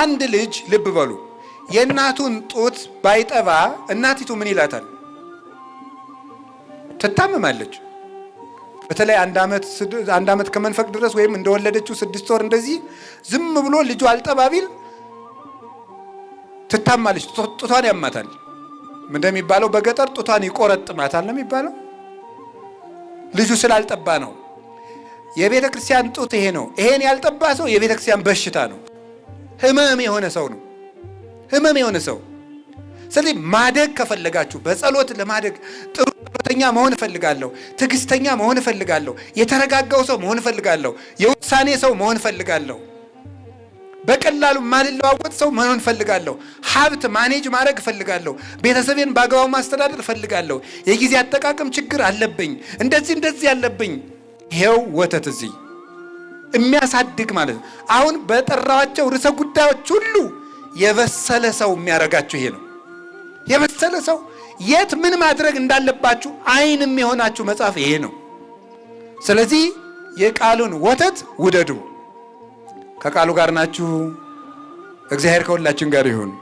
አንድ ልጅ ልብ በሉ የእናቱን ጡት ባይጠባ እናቲቱ ምን ይላታል? ትታመማለች። በተለይ አንድ ዓመት ከመንፈቅ ድረስ ወይም እንደወለደችው ስድስት ወር እንደዚህ ዝም ብሎ ልጁ አልጠባ ቢል ትታማለች። ጡቷን ያማታል። እንደሚባለው በገጠር ጡቷን ይቆረጥማታል ነው የሚባለው። ልጁ ስላልጠባ ነው። የቤተ ክርስቲያን ጡት ይሄ ነው። ይሄን ያልጠባ ሰው የቤተ ክርስቲያን በሽታ ነው። ህመም የሆነ ሰው ነው። ህመም የሆነ ሰው። ስለዚህ ማደግ ከፈለጋችሁ በጸሎት ለማደግ ጥሩ ጸሎተኛ መሆን እፈልጋለሁ፣ ትዕግስተኛ መሆን እፈልጋለሁ፣ የተረጋጋው ሰው መሆን እፈልጋለሁ፣ የውሳኔ ሰው መሆን እፈልጋለሁ፣ በቀላሉ ማልለዋወጥ ሰው መሆን እፈልጋለሁ፣ ሀብት ማኔጅ ማድረግ እፈልጋለሁ፣ ቤተሰቤን በአግባቡ ማስተዳደር እፈልጋለሁ፣ የጊዜ አጠቃቀም ችግር አለብኝ፣ እንደዚህ እንደዚህ አለብኝ። ይሄው ወተት እዚህ የሚያሳድግ ማለት ነው። አሁን በጠራቸው ርዕሰ ጉዳዮች ሁሉ የበሰለ ሰው የሚያደርጋችሁ ይሄ ነው። የበሰለ ሰው የት ምን ማድረግ እንዳለባችሁ አይንም የሆናችሁ መጽሐፍ ይሄ ነው። ስለዚህ የቃሉን ወተት ውደዱ። ከቃሉ ጋር ናችሁ። እግዚአብሔር ከሁላችን ጋር ይሁን።